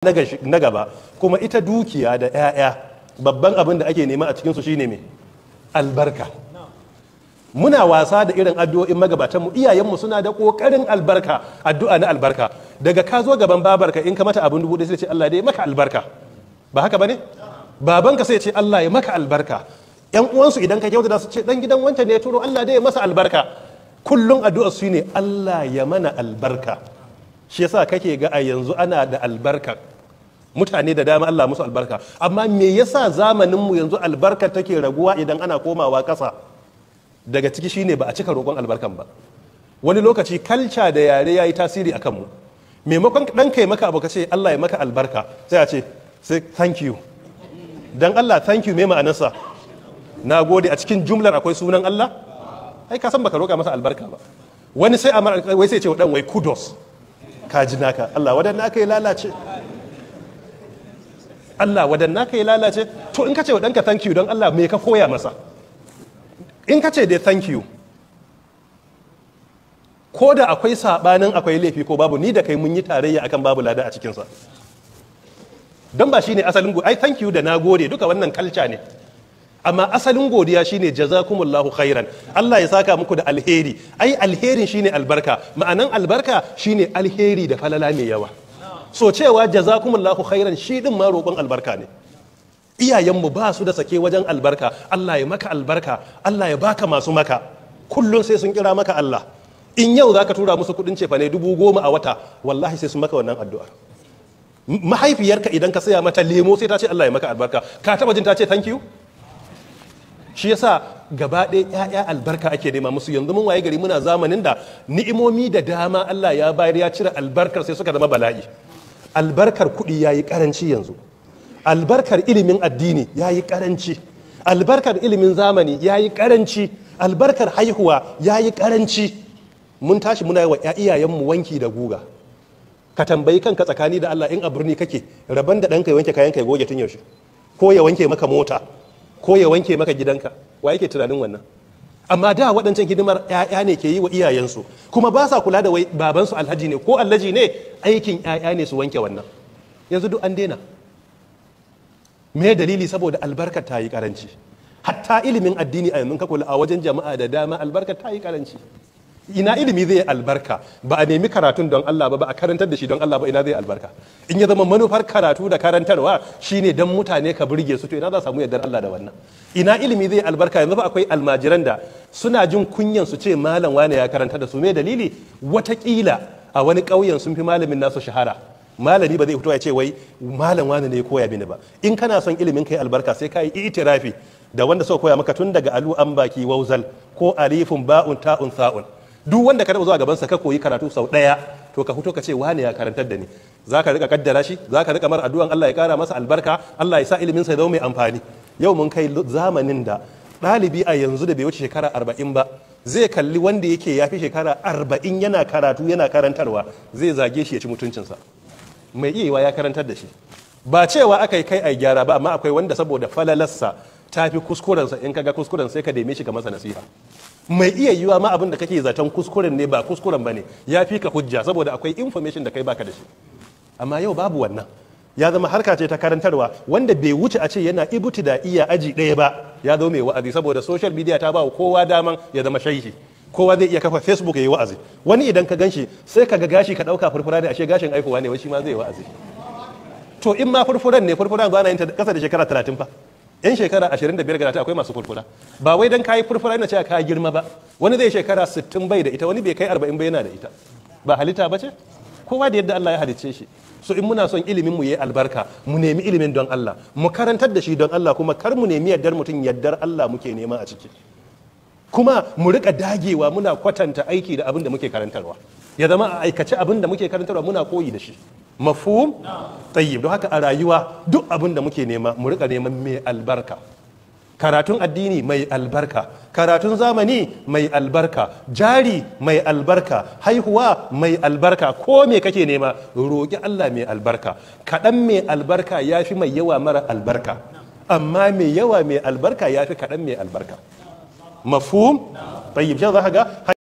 na gaba kuma ita dukiya da 'ya'ya babban abin da ake nema a cikinsu shine mai albarka muna wasa da irin addu'o'in magabatanmu iyayenmu suna da ƙoƙarin albarka addu'a na albarka daga ka zo gaban babarka in ka mata abin dubu sai ce Allah ya maka albarka ba haka bane babanka sai ce Allah ya maka albarka yan uwansu idan ka kyauta su ce dan gidan wancan ne ya turo Allah dai ya masa albarka kullum addu'a su ne Allah ya mana albarka shi yasa kake ga a yanzu ana da albarka mutane da dama Allah musu albarka amma me yasa zamanin mu yanzu albarka take raguwa idan ana komawa ƙasa daga ciki shine ba a cika roƙon albarkan ba wani lokaci kalca da yare yayi tasiri akan mu maimakon dan kai maka abu kace Allah ya maka albarka sai a ce sai thank you dan Allah thank you me ma'anarsa nagode a cikin jumlar akwai sunan Allah ai ka san baka roƙa masa albarka ba wani sai a wai sai ce wa dan wai kudos ka ji naka Allah wadanna aka lalace Allah wadan naka ya lalace to in ka ce wa ɗanka thank you don Allah me ka koya masa in ka ce dai thank you ko da akwai sabanin akwai laifi ko babu ni da kai mun yi tarayya akan babu lada a cikinsa don ba shine asalin ai thank you da na gode duka wannan kalca ne amma asalin godiya shine jazakumullahu khairan Allah ya saka muku da alheri ai alherin shine albarka ma'anan albarka shine alheri da falala mai yawa so cewa jazakumullahu khairan shi din ma roƙon albarka ne iyayenmu ba su da sake wajen albarka Allah ya maka albarka Allah ya baka masu maka kullum sai sun kira maka Allah in yau zaka tura musu kudin cefa ne dubu goma a wata wallahi sai sun maka wannan addu'ar mahaifiyarka idan ka saya mata lemo sai ta ce Allah ya maka albarka ka taba jin ta ce thank you shi yasa gaba ɗaya ƴaƴa albarka ake nema musu yanzu mun waye gari muna zamanin da ni'imomi da dama Allah ya bayar ya cire albarkar sai suka zama bala'i albarkar kuɗi ya yi ƙaranci yanzu albarkar ilimin addini ya yi ƙaranci albarkar ilimin zamani ya yi ƙaranci albarkar haihuwa ya yi ƙaranci mun tashi muna wa iyayenmu wanki da guga ka tambayi kanka tsakani da Allah in a birni kake rabon da ɗanka ya wanke ka ya goge tun yaushe ko ya wanke maka mota ko ya wanke maka gidanka wa yake tunanin wannan amma da waɗancan hidimar 'ya'ya ne ke yi wa iyayensu kuma ba sa kula da babansu alhaji ne ko alhaji ne aikin 'ya'ya ne su wanke wannan yanzu duk an daina me dalili saboda albarkar ta yi karanci hatta ilimin addini a yanzu ka kula a wajen jama'a da dama albarkar ta yi karanci ina ilimi zai albarka ba a nemi karatun don Allah ba ba a karantar da shi don Allah ba ina zai albarka in ya zama manufar karatu da karantarwa shine don mutane ka burge su to ina za samu yardar Allah da wannan ina ilimi zai albarka yanzu ba akwai almajiran da suna jin kunyan su ce malam wane ya karanta da su me dalili watakila a wani ƙauyen sun fi malamin nasu shahara malami ba zai fito ya ce wai malam wane ne koya mini ba in kana son ilimin kai albarka sai ka yi itirafi da wanda suka koya maka tun daga alu an baki wauzal ko alifun ba'un ta'un sa'un duk wanda ka taɓa zuwa gabansa ka koyi karatu sau ɗaya to ka fito ka ce wani ya karantar da ni za ka rika kaddara shi za ka rika mara addu'an Allah ya kara masa albarka Allah ya sa ilimin sa zama mai amfani yau mun kai zamanin da ɗalibi a yanzu da bai wuce shekara arba'in ba zai kalli wanda yake ya fi shekara arba'in yana karatu yana karantarwa zai zage shi ya ci mutuncinsa mai iyawa ya karantar da shi ba cewa aka yi kai a gyara ba amma akwai wanda saboda falalarsa ta fi kuskurensa in ka ga kuskuren sai ka deme shi ga masa nasiha mai iya yiwa ma abin da kake zaton kuskuren ne ba kuskuren ba ne ya fi ka hujja saboda akwai information da kai baka da shi amma yau babu wannan ya zama harka ce ta karantarwa wanda bai wuce a ce yana ibuti da iya aji ɗaya ba ya zo mai wa'azi saboda social media ta ba kowa daman ya zama shaihi kowa zai iya kafa facebook ya yi wa'azi wani idan ka ganshi sai ka ga gashi ka ɗauka furfura ne ashe gashin aikowa ne wai shi ma zai wa'azi to in ma furfuran ne furfuran ba na yin ta kasa da shekara 30 fa yan shekara 25 ga akwai masu furfura ba wai dan kayi furfura yana cewa ka girma ba wani zai shekara 60 bai da ita wani bai kai 40 bai yana da ita ba halitta ba ce kowa da yadda Allah ya halicce shi so in muna son ilimin mu yayi albarka mu nemi ilimin don Allah mu karantar da shi don Allah kuma kar mu nemi yaddar mutum yaddar Allah muke nema a ciki kuma mu rika dagewa muna kwatanta aiki da abin da muke karantarwa ya zama a aikace abin da muke karantarwa muna koyi da shi mafhum tayyib don haka a rayuwa duk abin da muke nema mu rika neman mai albarka karatun addini mai albarka karatun zamani mai albarka jari mai albarka haihuwa mai albarka ko me kake nema roƙi Allah mai albarka kaɗan mai albarka ya fi mai yawa mara albarka amma mai yawa mai albarka ya fi kaɗan mai albarka mafhum tayyib za ga